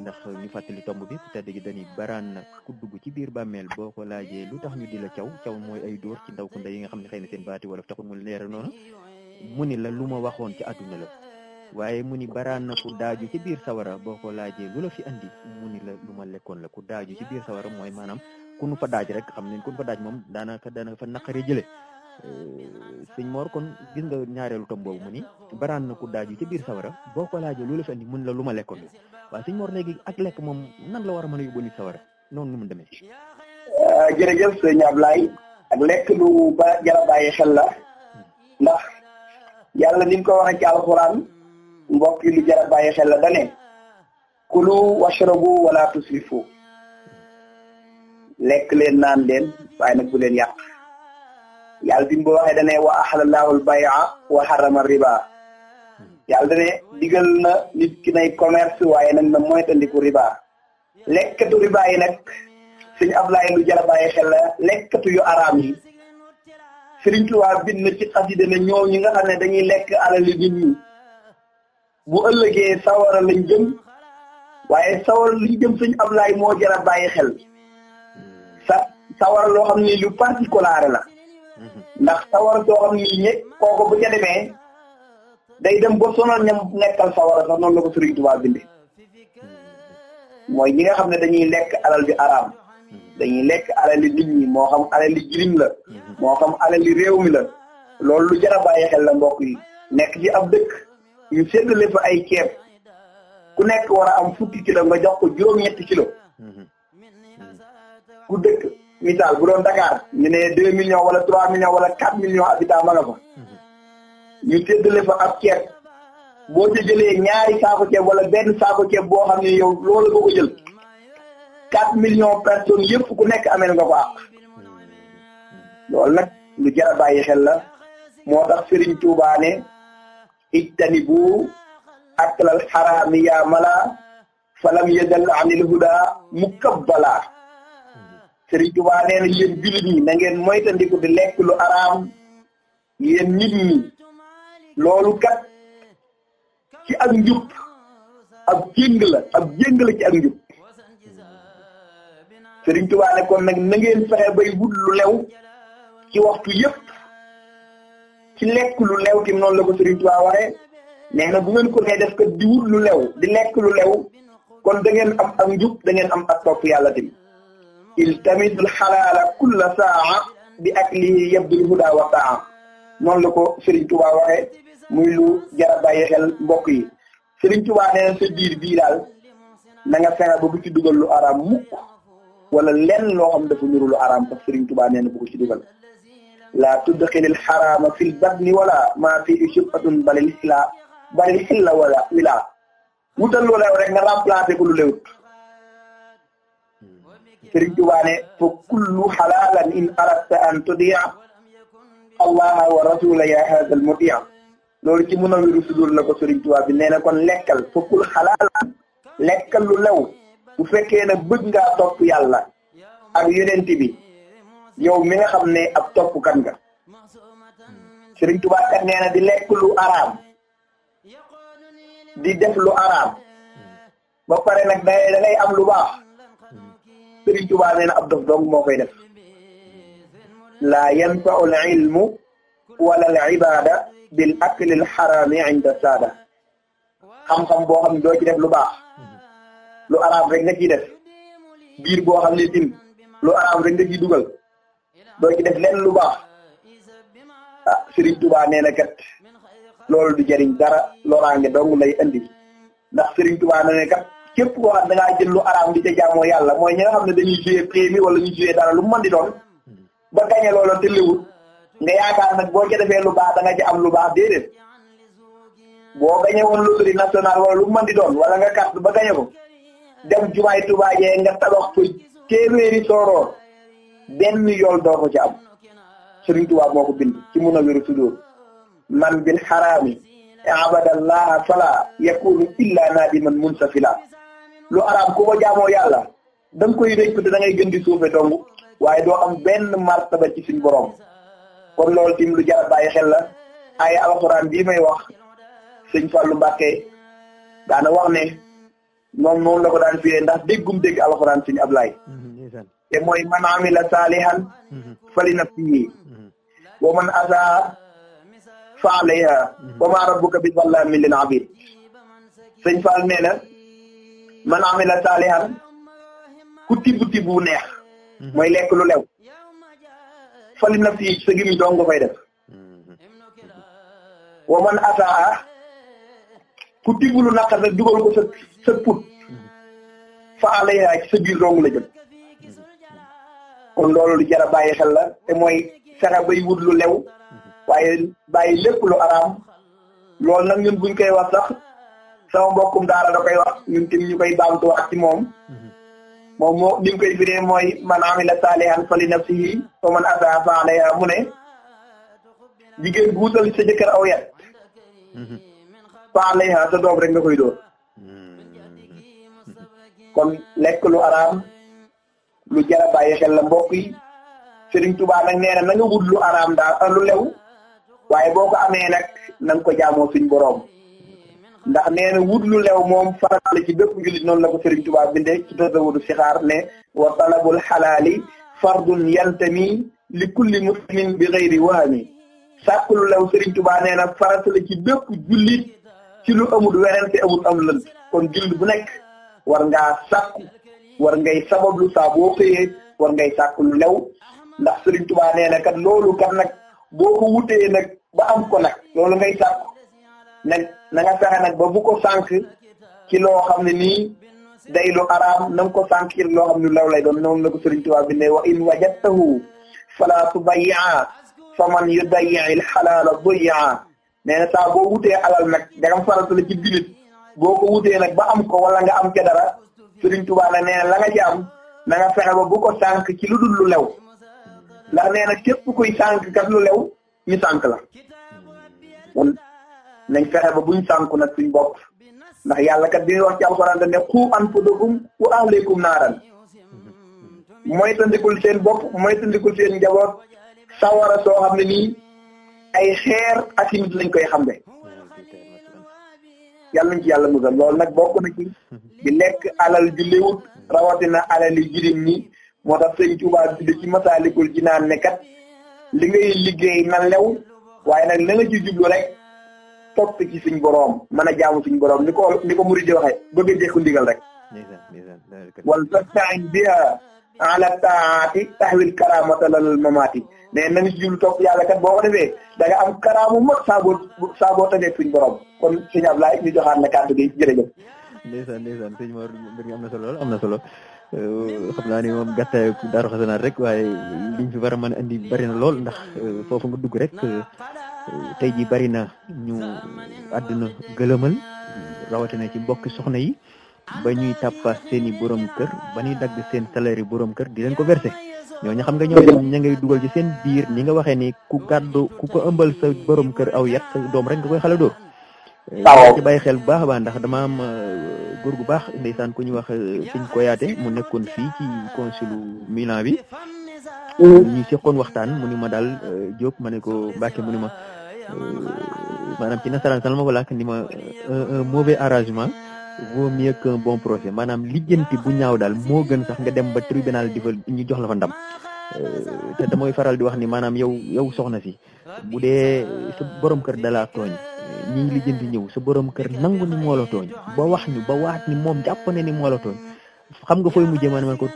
ndax ñu fàttali tomb bi tedd gi dañuy baran na ku dugg ci biir bàmmeel boo ko laajee lu tax ni di la caw caw mooy ay dóor ci ndaw ku ndey yi nga xam ne xëy na seen baati wala taxul mu leer noonu mu ni la lu ma waxoon ci àdduna la waaye mu ni baraan na ku daaju ci biir sawara boo ko laajee lu la fi andi mu ni la lu ma lekkoon la ku daaju ci biir sawara mooy maanaam ku nu fa daaj rek xam ne ku nu fa daaj moom daanaka daanaka fa naqari jële sëñ Mor kon gis nga ñaareelu tom boobu mu ni baraan na ku daaju ci biir sawara boo ko laajee loolu fa mun la lu ma lekkoon la waaw sëñ Mor ak lekk moom nan la war a mën a yóbbu nit sawara noonu nu demee. Euh, jërëjëf sëñ lekk lu ba jar xel la ndax yàlla ni mu ko waxee ci alxuraan mbokk yi lu a bàyyi xel la da ne kulu washrabu wala tusrifu lekk leen naan leen waaye na bu leen yàq. yàlla bi mu waxee da ne wa ahlallahu al-bay'a wa harrama riba yàlla da ne digal na nit ki nay commerce waaye nag na moytandiku riba lekkatu riba yi nag suñu lu jara bàyyi xel yu araam yi Sëriñ Tuubaa bind na ci ñi nga xam ne dañuy lekk alali nit bu ëllëgee sawara lañ jëm waaye sawar liñ jëm suñu ablaay moo jara bàyyi xel sa sawara loo xam ne lu particulier la ndax sawar soo xam ni ñëpp kooku bu ca demee day dem ba sonal ñam nekkal sawara sax noonu la ko Sëriñ Tuubaa bindee mooy ñi nga xam ne dañuy lekk alal bi araam dañuy lekk alali nit ñi moo xam alali jirim la moo xam alali réew mi la loolu lu jar a bàyyi xel la mbokk yi nekk ci ab dëkk ñu séddale fa ay ceeb ku nekk war a am fukki kilo nga jox ko juróom-ñetti kilo ku dëkk misaal bu doon Dakar ñu ne deux millions wala trois millions wala quatre millions habitants ma nga fa ñu séddale fa ab ceeb boo ci jëlee ñaari saako ceeb wala benn saako ceeb boo xam ne yow loolu nga ko jël quatre millions personnes yëpp ku nekk amel nga ko loolu nag lu jar a bàyyi xel la moo tax Serigne Touba ne ijtanibu aklal xaraami yaa mala falam yadal anil huda mukabbala Sëriñ Tuubaa nee na yéen jullit na ngeen moytandiku di lekk lu araam yéen nit ñi loolu kat ci ak njub ab jéng la ab jéng la ci ak njub Sëriñ Tuubaa ne kon nag na ngeen fexe bay wut lu lew ci waxtu yépp ci lekk lu lew tim noonu la ko Sëriñ Tuubaa waxee nee na bu ngeen ko ne def kat di wut lu lew di lekk lu lew kon da ngeen am ak njub da ngeen am ak topp yàlla tamit iltamisul xalaala kulla saa bi ak lii yabdul huda wa saa noonu la ko Serigne Touba waxee muy lu jar a mbokk yi Serigne Touba nee na biir bii daal na nga fexe bu ci dugal lu araam mukk wala lenn loo xam dafa niru lu araam sax Serigne Touba nee na bu ko ci dugal laa tudxilil xaraama fil batni wala maa fi shubhatun balil xila balil xilla wala wilaa wutal loola rek nga remplacé ko lewut Sëriñ Tuubaa ne fa kullu xalaalan in aradta an tudia allaha wa rasula ya hada al loolu ci Munawwiru Sudur la ko Sëriñ bi nee na kon lekkal fa kul xalaalan lekkal lu lew bu fekkee ne bëgg nga topp yàlla ak yonent bi yow mi xam ne ab topp kan nga Sëriñ Tuubaa kat di lekk lu araam di def lu araam ba pare nag da ngay am lu baax Sëriñ Tuubaa nee na ab dof dong moo koy def laa yanfau al ilmu wala al ibada bil akli al xaraami inda saada xam-xam boo xam ne doo ci def lu baax lu araam rek nga ciy def biir boo xam ne tin lu araam rek nga ciy dugal doo ci def lenn lu baax ah Sëriñ Tuubaa nee na kat du jëriñ dara loraange dong lay andi ndax Sëriñ Tuubaa nee na képp koo xam da ngaa jël lu araam di ca jaamoo yàlla mooy ñi nga xam ne dañuy jouer prix wala ñu jouer dara lu mën di doon ba gañe loola te léwul nga yaakaar nag boo ca defee lu baax da nga am lu baax déedéet boo gañe woon loterie nationale wala lu mën doon wala nga carte ba gañe ko dem jumaay Tuubaa jee nga tabax fa téeméeri sooroor benn yool doo ko ci am Sëriñ Tuubaa moo ko bind ci mun a wéru sudur man bil xaraami abadallaha fala yakunu illa lu araam ku ko jaamoo yàlla da nga koy rëccu te da ngay gën di suufe waaye doo am benn martaba ci suñu borom kon loolu tim lu jar bàyyi xel la ay alxuraan bii may wax sëñ Fallou Mbacké daana wax ne moom noonu la ko daan firee ndax déggum dégg alxuraan suñu Ablaay te mooy man amila saalihan fali nafsihi wa man asaa fa alayha wa ma rabbuka bi zallamin lil abid sëñ Fall nee na man amila saalihan ku tibb tibb bu neex mhm. mooy lekk lu lew falim na si sa gimiñ doom nga fay def mhm. wa man ataa ku tibb lu naqar rek dugal ko sa sa put fa alayha ci sa biir dong la jëm mhm. kon loolu lu bàyyi xel la te mooy saxa bay wut lu lew waaye bàyyi lépp lu araam loolu nag ñun buñ koy wax sax sama mbokkum daara da koy wax ñun tamit ñu koy baamtu wax ci moom moom moo li koy firee mooy man amila saalihan fali nafsihi wa man asaa fa alayha mu ne jigéen guutal sa jëkkër aw yat fa alayha sa doom rek nga koy dóor kon lekk lu araam lu jar a bàyyi xel la mbokk yi Sëriñ Tuubaa nag nee lu araam daal lu lew waaye boo ko amee nag na nga ko jaamoo suñ ndax nee na lu lew moom farata la ci bépp jullit noonu la ko Serigne Touba bindee ci tasawudu sixaar ne wa talabul xalaali fardun yantami li kulli muslimin bi xayri waami sàkk lew Serigne Touba nee na farata la ci bépp jullit ci lu amul werante amul am lënt kon jullit bu nekk war nga sàkku war ngay sabablu saa boo xëyee war ngay sàkk lu lew ndax Serigne Touba nee na kat loolu kat nag boo ko wutee nag ba am ko nag loolu ngay sàkku nag na nga fexe nag ba bu ko sànq ci loo xam ne nii day lu araam na ko sànq ci loo xam ne law lay doon noonu la ko Sëriñ Tuubaa bi wa in wajadtahu fala tubayyaa fa man yudayyil xalaala doyaa nee na saa boo wutee alal nag dagam farata la ci dilit boo ko nag ba am ko wala nga am ca dara Sëriñ Tuubaa ci am na nga fexe ba bu ko sànq ci lu dul lu lew ndax nee na képp kuy sànq kat lu lew ñu sànq la nañ fexe ba buñ sànku nag suñ bopp ndax yàlla kat bi ñuy wax ci alxuraan da ne qu anfusakum wa ahlikum mooy moytandikul seen bopp moytandikul seen njaboot sawara soo xam ne nii ay xeer ak lañ koy xam ne yàlla nañ ci yàlla musal loolu nag bokk na ci di lekk alal ju léwut rawatina alal jirim ñi moo tax sëñ Tuubaa bi ci masaalikul jinaan ne kat li ngay liggéey na lew waaye nag la jublu rek topp ci suñ boroom man a jaamu suñ boroom ni ko ni ko murid di waxee bëgg a jekku ndigal rek wal tastain biha ala taati taxwil karamata lal mamaati mais nañu si jublu topp yàlla kat boo ko defee da nga am karaamu mag saaboo saaboo tamit suñ boroom kon sëñ Ablaye ñu joxaat la kàddu gi jërëjëf ndeysaan ndeysaan sëñ Mor mbir mi am na solo lool am na solo euh, xam naa ni moom gàttaay daaru xasanaat rek waaye liñ fi war a mën a andi bari na lool ndax euh, foofu nga dugg rek euh, Euh, tey ji bari na ñu àdduna gëlëmal rawatina ci mbokki soxna yi ba ñuy tàppaas seen i borom kër ba ñuy dagg seen salaire yi borom kër di leen ko versé ñooñu xam nga ñoom ña ngay dugal ci seen biir ni nga waxee ni ku gàddu ku ko ëmbal sa borom kër aw yat sa doom rek nga koy xala dóor ah, ci bàyyi xel bu baax a baax ndax dama am euh, góor gu baax ndeysaan ku ñu wax fiñ euh, ko yaate mu nekkoon fii ci consul Milan bi mm-hmm. ñu seqoon waxtaan mu ni ma daal Diop ma ne ko Mbacke mu ni ma maanaam ci nasaraan sax ma ko làkk ni ma euh, euh, euh, mauvais arrangement vaut mieux qu'un bon projet maanaam lijjanti bu ñaaw daal moo gën sax nga dem ba tribunal di fa ñu jox la fa ndam te damooy faral di wax ni maanaam yow yow soxna si bu dee sa borom kër dalaa tooñ ñi ngi lijjanti ñëw sa borom kër nangu ni moo la tooñ ba wax ni ba waat ni moom jàpp na ni moo la tooñ xam nga fooy mujjee na man ko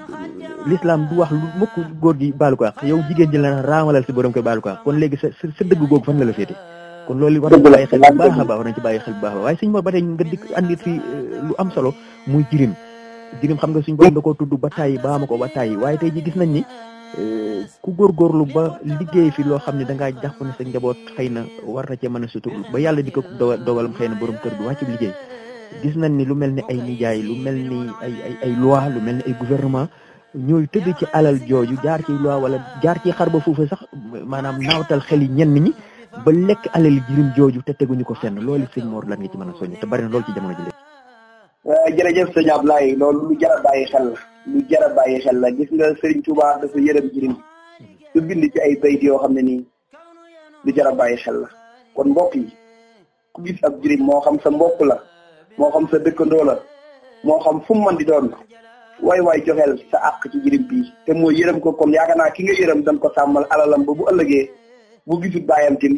l'islam du wax lu mukk góor gi baalu ko àq yow jigéen ji la raamalal si borom ko baalu kon léegi sa sa dëgg googu fan la la féete kon lool war nañ ci bàyyi xel a baax war bàyyi xel bu baax a baax waaye suñu mor ba tey dikk andi fi eh, lu am solo muy jirim jirim xam nga suñ borom da koo tudd ba tàyyi baa ma ko ba tàyyi waaye tey ji gis nañ ni eh, ku góorgóorlu ba liggéey fi loo xam ne da ngaa jàpp ne sa njaboot xëy na war na cee a sutur ba yàlla di ko dogalam xëy na borom kër bi wàccu liggéey gis nañ ni lu mel ni ay nijaay lu mel ni ay ay ay loi lu mel ni ay gouvernement ñooy tëdd ci alal jooju jaar ci loi wala jaar ci xar ba foofu sax maanaam naawtal xel yi ñenn ñi ba lekk alal jirim jooju te teguñu ko fenn loolu sëñ Mor lan nga ci mën a soññ te bari na loolu ci jamono ji léegi. Euh, jërëjëf sëñ Ablaye loolu lu jar a bàyyi xel la lu jar xel la gis nga Serigne Touba dafa yërëm jirim su bind ci ay bayt yoo xam ne nii lu jar a bàyyi xel la kon mbokk yi ku gis ab jirim moo xam sa mbokk la. moo xam sa dëkkandoo la moo xam fu mu mën di doon waay waay joxeel sa àq ci jirim bi te mooy yërëm ko comme yaakaar naa ki nga yërëm danga ko sàmmal alalam ba bu ëllëgee bu gisul bàyyam tim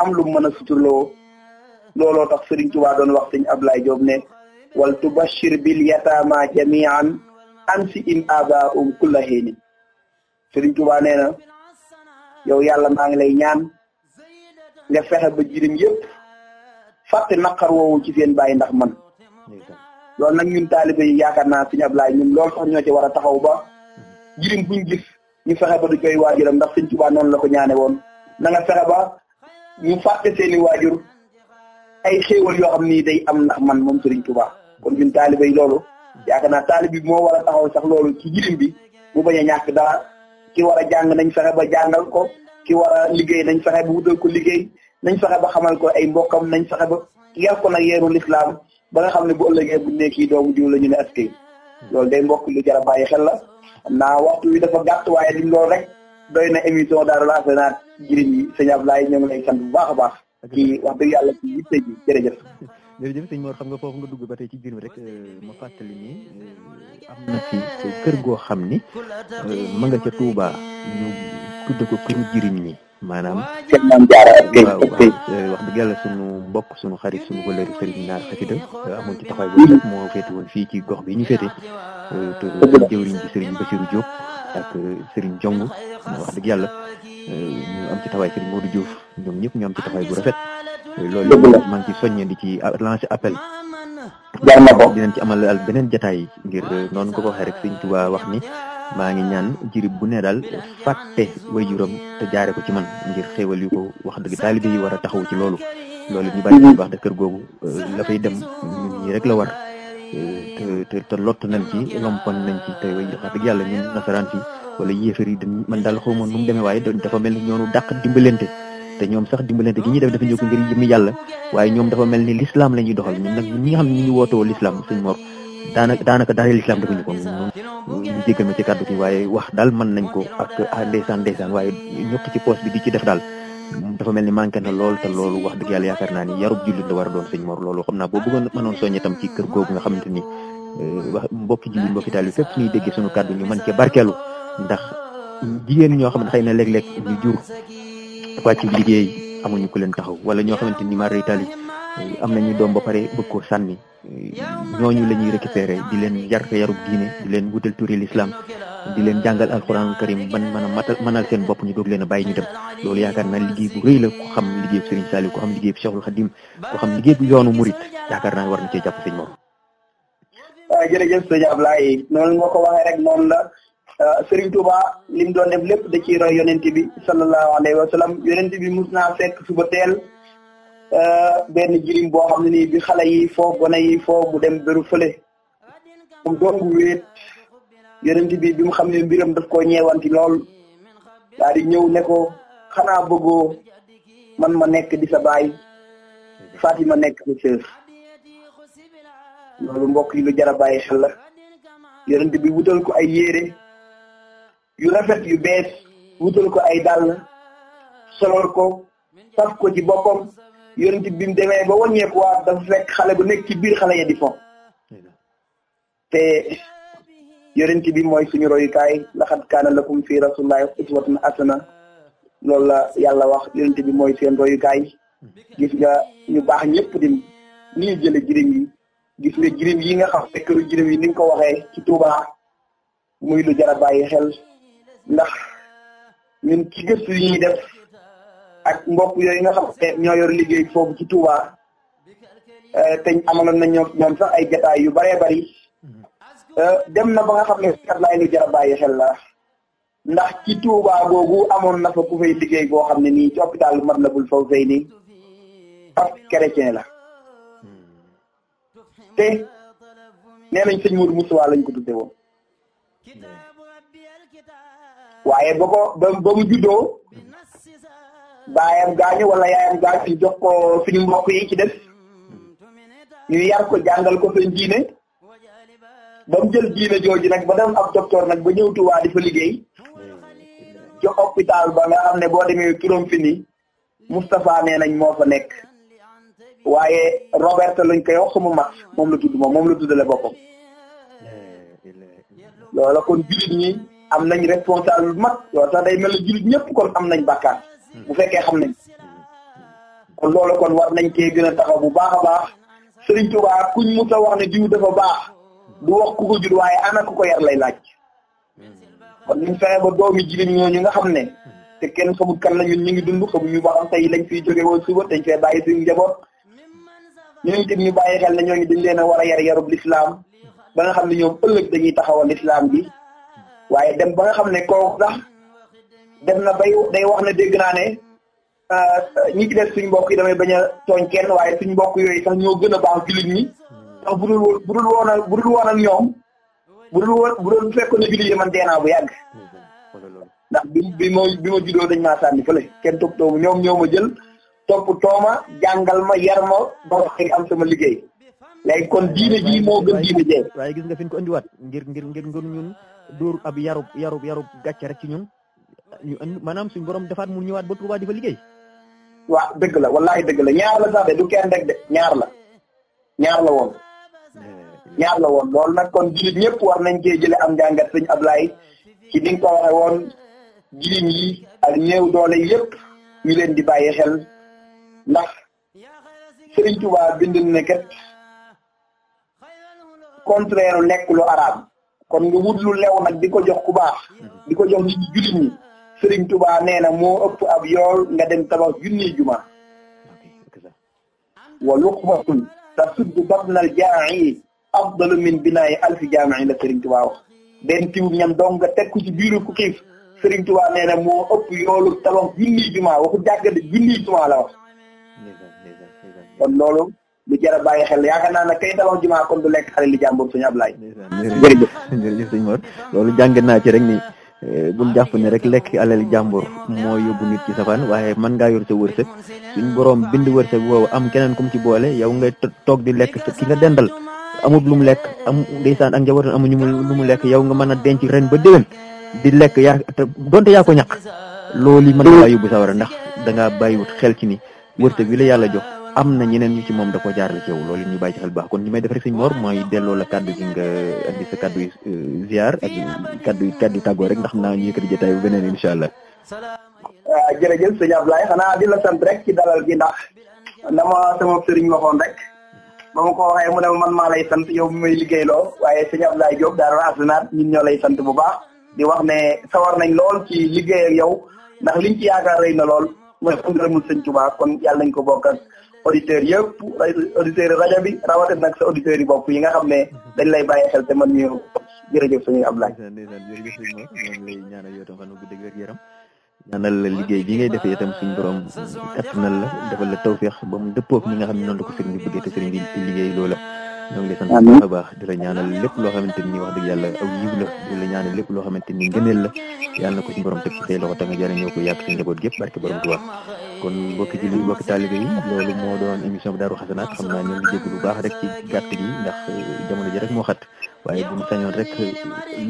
am lu mën a suturloo looloo tax Sëriñ Tuubaa doon wax sëñ Ablaye Joob ne wal tubashir bil yataama jamian an si im aba um kulla xéeni Sëriñ Tuubaa nee na yow yàlla maa ngi lay ñaan nga fexe ba jirim yëpp fàtte naqar woowu ci seen bàyyi ndax man loolu nag ñun taalibe yi yaakaar naa suñu Ablaay ñun loolu sax ñoo ci war a taxaw ba jirim buñ gis ñu fexe ba du koy waajuram ndax sëñ Tuubaa noonu la ko ñaane woon na fexe ba ñu fàtte seeni waajur ay xéewal yoo xam ni day am ndax man moom sëriñ Tuubaa kon ñun taalibe yi loolu yaakaar naa taalibe bi moo war a taxaw sax loolu ci jirim bi mu bañ a ñàkk dara ki war jàng nañ fexe ba jàngal ko ki war a liggéey nañ fexe ba wutal ko liggéey nañ fexe ba xamal ko ay mbokkam nañ fexe ba yar ko nag yeeru lislaam ba nga xam ne bu ëllëgee bu nekkii doomu diw la ñu ne askay loolu day mbokk lu jar a bàyyi xel la xam naa waxtu wi dafa gàtt waaye lim lool rek doy na émission Daaru Hassanaat jëriñ yi sëñ laay ñoo ngi lay sant bu baax a baax ci wax dëgg yàlla ci yitte ji jërëjëf jërëjëf sëñ Mor xam nga foofu nga dugg ba tey ci biir bi rek euh, ma fàttali ni euh, am kër goo xam ni euh, ma nga ca Touba ñu tudde ko këru jëriñ ñi maanaam maam jaara kay kay wax dëgg yàlla sunu mbokk sunu xarit sunu wëlëri sëriñ naar xasida euh, amoon ci taxawaay boobu rek moo féete woon fii ci gox bi ñu féete euh, te jëwriñ bi sëriñ Basiru Diop ak euh, sëriñ Jong wax dëgg yàlla ñu am ci taxawaay sëriñ Modou Diouf ñoom ñëpp ñu am ci taxawaay bu rafet maa ngi ci soññe di ci lancer appel jar na ko dinañ ci amal beneen jataay ngir noonu ko ko waxee rek sëriñ Tuubaa wax ni maa ngi ñaan jirib bu nee daal fàtte waajuram te jaare ko ci man ngir xéewal yu ko wax dëgg taalibe yi war a taxaw ci loolu loolu ñu bàyyi bu baax kër googu euh, la fay dem ñi rek la war euh, te te lott nañ ci lompoñ nañ ci te wax dëgg yàlla ñun nasaraan si wala yéefar yi dañ man daal xaw ma demee waaye dafa mel ni ñoonu dàq dimbalante te ñoom sax dimbalante gi ñu def dafa ñëw ko ngir yàlla waaye ñoom dafa mel ni lislaam la ñuy doxal ñun nag xam ne ñu ngi wootewoo lislaam sëñ Mor daanaka daanaka daara lislaam defuñu ko ñu jéggal ma ci kàddu gi waaye wax daal mën nañ ko ak ah, ndeysaan ndeysaan waaye ñëpp ci poos bi di ci def daal dafa mel ni manqué na lool te loolu wax dëgg yàlla yaakaar naa ni yarub jullit la a doon sëñ Mor loolu xam naa boo bëggoon mënoon soññe tam ci kër googu nga xamante ni eh, wax mbokki jullit mbokki taal yi fépp ñuy déggee suñu kàddu ñu mën cee barkeelu ndax jigéen ñoo xam ne xëy na léeg-léeg ñu jur wàccu liggéey amuñu ku leen taxaw wala ñoo xamante ni maa rëy taal am ñu doom ba pare bëgg ko sànni ñooñu la ñuy récupérer di leen yar yarub diine di leen wutal turi l'islam di leen jàngal alxuraanul karim man a matal mënal seen bopp ñu doog leen a bàyyi ñu dem loolu yaakaar naa liggéey bu rëy la ku xam liggéey Serigne Saliou ku xam liggéey xam liggéey bu yoonu murit yaakaar naa war na cee jàpp a moom waaw jërëjëf sëñ Ablaye noonu nga ko waxee rek noonu la euh, Serigne Touba li doon def lépp da ciy roy yonent bi sallallahu alayhi wa sallam yonent bi mus Euh, benn jirim boo xam ne bi xale yi foo gone yi foo mu dem beru fële moom doom bu wéet yonent bi bi mu xam ne mbiram daf koo ñeewanti lool daal di ñëw ne ko xanaa bëggoo man ma nekk di sa baay Fatima nekk sa sœur loolu mbokk yi lu jar a bàyyi xel la yonent bi wutal ko ay yére yu rafet yu bees wutal ko ay dàll solol ko saf ko ci yonent bi mu demee ba wàññeekuwaat dafa fekk xale bu nekk ci biir xale ya di fo te yonent bi mooy suñu royukaay laxad kaana lakum fi rasulillahi uswatun na loolu la yàlla wax yonent bi mooy seen royukaay gis nga ñu baax ñëpp dim ni ñu jële jirim yi gis nga jirim yi nga xam këru jirim yi ni nga ko waxee ci Tuubaa muy lu jar a bàyyi xel ndax ñun ci gëstu yi ñuy def ak mbokk yooyu nga xam ne ñoo yor liggéey foofu ci Touba eh, te amaloon nañ ñoom sax ay jataay yu bëree bëri eh, dem na ba nga xam ne kat laay lu jar a bàyyi xel la ndax ci Touba googu amoon na fa ku fay liggéey boo xam ne nii ci hôpital Matlaboul Fawzayni ab chrétien la te nee nañ sëñ Mourou Moussa lañ ko tudde woon hmm. waaye ba ko ba mu juddoo. baayam gaañu wala yaayam gaañu ñu jox ko suñu mbokk yi ci des ñu yar ko jàngal ko seen diine ba mu jël diine jooju nag ba dem ab docteur nag ba ñëw Tuubaa di fa liggéey ci hôpital ba nga xam ne boo demee turam fi nii Moustapha nee nañ moo fa nekk waaye Robert lañ koy wax sama mag moom la tudd moom moom la tuddale boppam loola kon jullit ñi am nañ responsable mag loolu sax day mel ne jullit ñëpp kon am nañ bàkkaar bu fekkee xam nañ kon loolu kon war nañ cee gën a taxaw bu baax a baax Sëriñ Tuubaa kuñ musa wax ne diw dafa baax bu wax ku ko jur waaye ana ku ko yar lay laaj kon ñu fexe ba doomi jigéen ñooñu nga xam ne te kenn xamul kan la ñun ñu ngi dund xamuñu ba xam tey lañ fiy jóge woon suba dañ fee bàyyi suñu njaboot ñooñu tamit ñu bàyyi xel ne ñooñu dañ leen a war a yar yarub lislaam ba nga xam ne ñoom ëllëg dañuy taxawal lislaam bi waaye dem ba nga xam ne kooku sax def na bay day wax ne dégg naa ne euh, ñi def suñu mbokk yi damay bañ a tooñ kenn waaye suñu mbokk yooyu sax ñoo gën a baax jullit ñi ndax budul woon budul woon ak woon ak ñoom budul woon budul bu yàgg ndax bi ma bi ma juddoo dañ maa sànni fële kenn topp toobu ñoom ñoo ma jël topp tooma jàngal ma yar ma ba wax am sama liggéey léegi kon diine ji moo gën diine jee waaye gis nga fi ko andiwaat ngir ngir ngir ngir ñun dóor ab yarub yarub yarub gàcce rek ci ñun ñu and maanaam suñu defaat mu ñëwaat ba Touba di fa liggéey. waaw dëgg la wallaahi dëgg la ñaar la sax de du kenn rek de ñaar la ñaar la woon. ñaar la woon loolu nag kon jullit ñëpp war nañ cee jëlee am njàngat sëñ Ablaye ci ni nga ko waxee woon jirim yi ak néew doole yëpp ñu leen di bàyyi xel ndax Serigne Touba bind na contraire lekk lu araam kon nga wut lew nag di ko jox ku baax di ko jox nit jullit ñi Sëriñ Tuubaa nee na moo ëpp ab yool nga dem tabax junniy juma wa luqmatun tasuddu batnal jaa'i afdalu min binaa'i la Sëriñ Tuubaa wax benn tiwub nga teg ko ci biiru ku xiif Sëriñ Tuubaa nee na moo ëpp yoolu tabax junniy juma waxu jàgg de junniy juma la wax kon loolu lu jar a bàyyi xel yaakaar a ne kay tabax juma kon du lekk xale li jàmbur suñu Ablaay jërëjëf loolu jàng naa ci rek nii Eh, bul jàpp ne rek lekk alal jàmbur moo yóbbu nit ci safaan waaye man ngaa yor sa wërsëg suñ borom bind wërsëg woowu am keneen kum ci boole yow ngay toog di lekk ki nga dendal amul lu mu lekk am ndeysaan ak njabootam amuñu lu mu lekk yow nga mën a denc ren ba déwén di lekk yaa donte yaa ko ñàkk loolu yi mën ngaa yóbbu sawara ndax dangaa bàyyiwut xel ci ni wërsëg bi la yàlla jox am na ñeneen ñu ci moom da ko jaarale ci yow loolu ñu bàyyi ci xel baax kon ñi may def rek sëñ Mor mooy delloo la kàddu gi nga indi sa kàddu yi euh, ziar ak kàddu rek ndax naa ñu yëkkati jotaay bu beneen incha allah. waaw jërëjëf sëñ Ablaye xanaa di la sant rek ci dalal gi ndax na ma sama sëriñ waxoon rek ba ma ko waxee mu ne ma man maa lay sant yow mi may liggéeyloo waaye sëñ Ablaye Diop daal raasinaat ñun ñoo lay sant bu baax di wax ne sawar nañ lool ci liggéey ak yow ndax liñ ci yaakaar rëy na lool mooy ngërëmul sëñ Tuubaa kon yàlla nañ ko bokk ak auditeurs yëpp auditeurs yi rajo bi rawatina nag sa auditeurs yi bopp yi nga xam ne dañ lay bàyyi xel te mën ñu jërëjëf suñu Ablaye. ndeysaan jërëjëf sëñ Mor ñoo ngi lay ñaanal yow tam fan nga gudd ak wér yaram ñaanal la liggéey bi ngay defee itam suñu borom kattanal la defal la tawféex ba mu dëppoog ñi nga xam ne noonu la ko sëriñ bi bëggee te sëriñ bi liggéey loola ñoo ngi lay sant bu baax a baax di la ñaanal lépp loo xamante ni wax dëgg yàlla aw la di la ñaanal lépp loo xamante ni ngëneel la yàlla na ko ci borom teg ci say loxo tamit jëriñoo ko yàgg ci njaboot gépp barke borom loolu moo doon émission bi Daaru Xasanaat xam naa ñu ngi jégg bu baax rek ci gàtt gi ndax euh, jamono ji rek moo xat waaye bu ñu sañoon euh,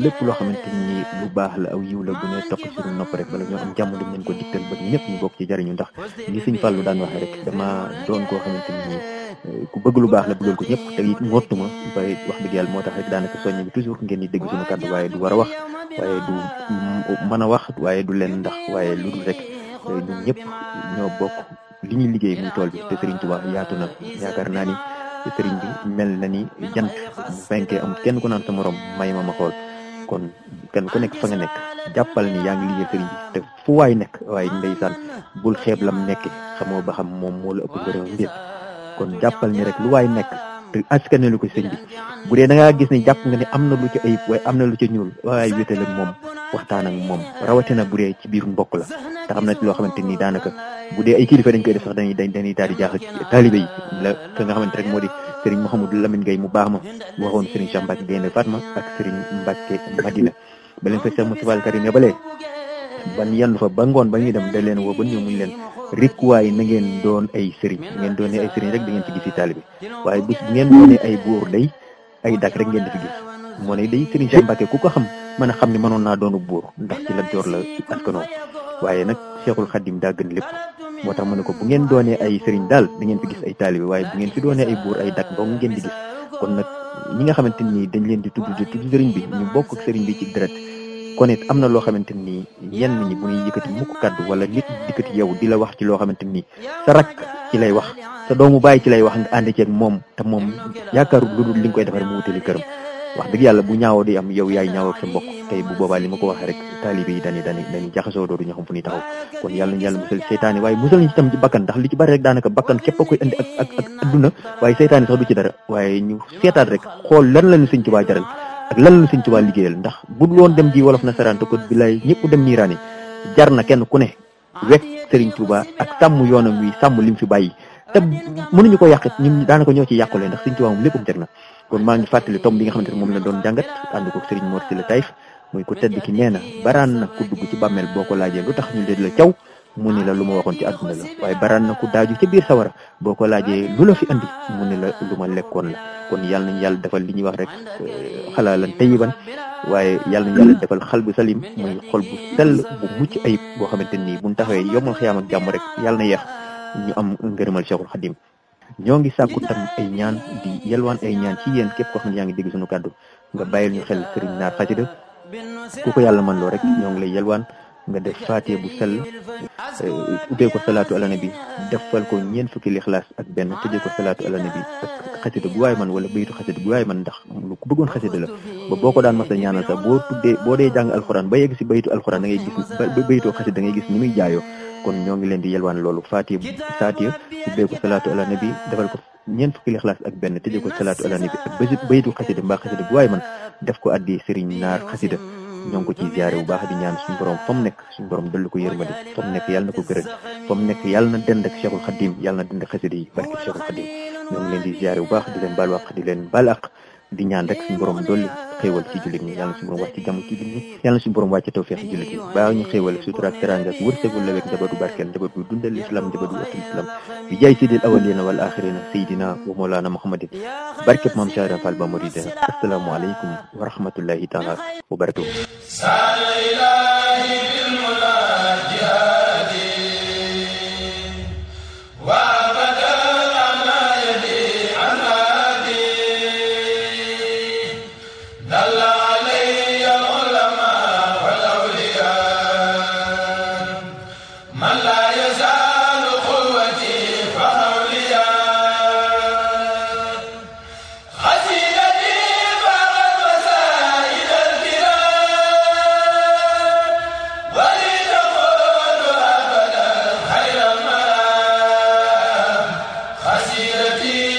lépp loo xamante ni lu baax la aw yiw la bu ne toq suñu nopp rek am jàmm dañ leen ko digtal ba ñëpp bokk ci jariñu ndax ñi Sëñ Fallu daan waxee rek dama ku bëgg lu baax la bëggal ko ñëpp te it ngottuma waaye wax dëgg yàlla moo tax rek daanaka soññ bi toujours ngeen di dégg suñu du war a wax waaye du mën a wax waaye du leen ndax waaye lu dul rek eh, ñun ñëpp ñoo bokk li ñuy liggéey muy tool bi te Serigne Touba yaatu na yaakaar naa ni Serigne bi mel na ni jant bu am kenn ku naan sa moroom may ma ma xool kon kenn ku nekk fa nga nekk jàppal ni yaa ngi liggéey Serigne te fu waay nekk waaye ndeysaan bul xeeb mu nekk xamoo ba xam moom moo ëpp ngërëm mbir kon jàppal ni rek lu waaye nekk te askane lu ko sëñ bi bu dee da ngaa gis ne jàpp nga ne am na lu ci ayib waaye am na ci ñuul waaye wéetal ak moom waxtaan ak moom rawatina bu dee ci biir mbokk la te xam na ci loo xamante nii daanaka bu dee ay kilifa dañ koy def sax dañuy dañuy daal di jaaxal taalibe yi la ka nga xamante rek moo di sëriñ Mouhamadou Lamine Gueye mu baax ma waxoon sëriñ Cheikh Mbacke Gaynde Fatma ak sëriñ Mbacke Madina ba leen fa Cheikh Moustapha Al Karim yabalee ban yenn fa ba ngoon ba ñuy dem da leen woo ba ñëw muñ leen rek waaye na ngeen doon ay sëriñ ngeen doon ay sëriñ rek da ngeen ci gis yi taalibe waaye bis ngeen doonee ay buur day ay dak rek ngeen di fi gis moo ne day sëriñ Cheikh ku ko xam mën a xam ne mënoon naa doonu buur ndax ci la joor la ci askanoo waaye nag Cheikhul Khadim daa gën lépp moo tax mu ne ko bu ngeen doonee ay sëriñ daal da ngeen fi gis ay taalibe waaye bu ngeen fi doonee ay buur ay dak dong ngeen di gis kon nag ñi nga xamante ni dañ leen di tudd di tudd sëriñ bi ñu bokk sëriñ bi ci deret kon it am na loo xamante ni yenn ñi bu ñuy yëkkati mukk kàddu wala nit dikkati yow di la wax ci loo xamante ni sa rakk ci lay wax sa doomu bàyyi ci lay wax nga ànd ceeg moom te moom yaakaaru lu dul li nga koy defar mu wutali wax dëgg yàlla bu ñaawoo di am yow yaay ñaawoo ak sa tey bu boobaa li ma ko waxee rek taalibe yi dañuy dañuy dañuy jaxasoo doodu ñu xam fu ñuy taxaw kon yàlla ñu yàlla musal seytaane ndax li ci bari rek daanaka bakkan képp a koy indi ak ak waaye seytaane sax du ci dara waaye ñu seetaat rek xool lan lañu sëñ Tuubaa jaral ak lan la sëñ Tuubaa liggéeyal ndax bu dul dem ji wolof nasaraan te ko bilaay ñëpp dem niiraane jar na kenn ku ne wekk Serigne Touba ak sàmm yoonam wi sàmm lim fi bàyyi te mënuñu ko yàq ñu daanaka ñoo ci le ndax Serigne Touba moom léppam jar na kon maa ngi fàttali toom bi nga xamante ne moom la doon jàngat ànd ko Serigne Mor Sylla Taïf muy ko tedd ki nee na baraan na ku dugg ci bàmmeel boo ko laajee lu tax ñu dee la caw mu ne la lu ma waxoon ci àdduna la waaye baraan na ku daaju ca biir sawara boo ko laajee lu la fi andi mun ni la lu ma lekkoon la kon yàlla nañu yàlla defal li ñuy wax rek euh, xalaalan tayiban waaye yàlla nañu yàlla defal xal bu salim muy xol bu sell bu mucc ayib boo xamante nii buñ taxawee yomal xiyaam ak jàmm rek yàlla na yeex ñu am ngërëmal Cheikhul Khadim ñoo ngi sàkku tam ay ñaan di yelwaan ay ñaan ci yéen képp koo xam ne yaa ngi dégg suñu kàddu nga bàyyil ñu xel sëriñ naar xasida ku ko yàlla mën loo rek ñoo ngi lay yelwaan nga def faatiya bu sell eh, ubbee ko salaatu ala nabi defal ko ñeent fukki lixlaas ak benn tëjee ko salaatu ala nabi ak xasida bu waay man wala bayitu xasida bu waay man ndax lu ku bëggoon xasida la ba boo ko daan mas a ñaanal sax boo tuddee boo dee jàng alxuraan ba yegg si bayitu alxuraan da ngay gis bayitoo xasida da ngay gis ni muy jaayoo kon ñoo ngi leen di yelwaan loolu faatiya faatiya ubbee ko salaatu ala nabi defal ko ñeent fukki lixlaas ak benn tëjee ko salaatu ala nabi ak bayitu xasida mbaa xasida bu waay man def ko addi sëriñ naar xasida ñoo ci ko ciy ziare bu baax di ñaan suñu borom fa nekk suñu borom dolli ko yërmande fa mu nekk yàlla ko gërëm fa mu nekk yàlla na dend ak Cheikhul Khadim yàlla na dend xasida yi barke Cheikhul Khadim ñoo ngi leen di ziare bu baax di leen baal wax di leen baal ak di ñaan rek suñu borom dolli xéewal ci jullit ñi yàlla suñu borom wàcc jàmm ci jullit ñi yàlla suñu borom wàcc tawfeex ci jullit ñi baa ñu xéewal sutura ak teranga ak wërsëgul la wek njabootu barkeel njabootu dundal islam njabootu ëttu islam bi jaay seydil awalina wal axirina seydina wa mawlana muhammadin barkeb maam Cheikh Ibra Fall ba muride asalaamu aleykum wa rahmatullahi taala wa barakatuh waa aaxirati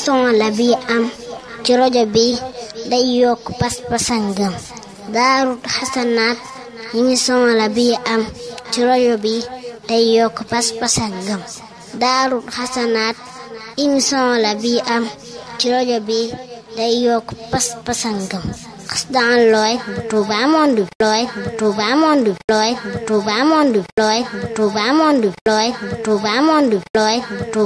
émission la bi am ci rajo bi day yokk pas-pasan gëm daaru xasanaat émission la bi am ci rajo bi day yokk pas-pasan gëm daaru xasanaat émission la bi am ci rajo bi day yokk pas-pasan gëm xasdaan looy bu tuuba mondu looy bu tuuba mondu looy bu tuuba mondu looy bu tuuba mondu looy bu tuuba mondu looy bu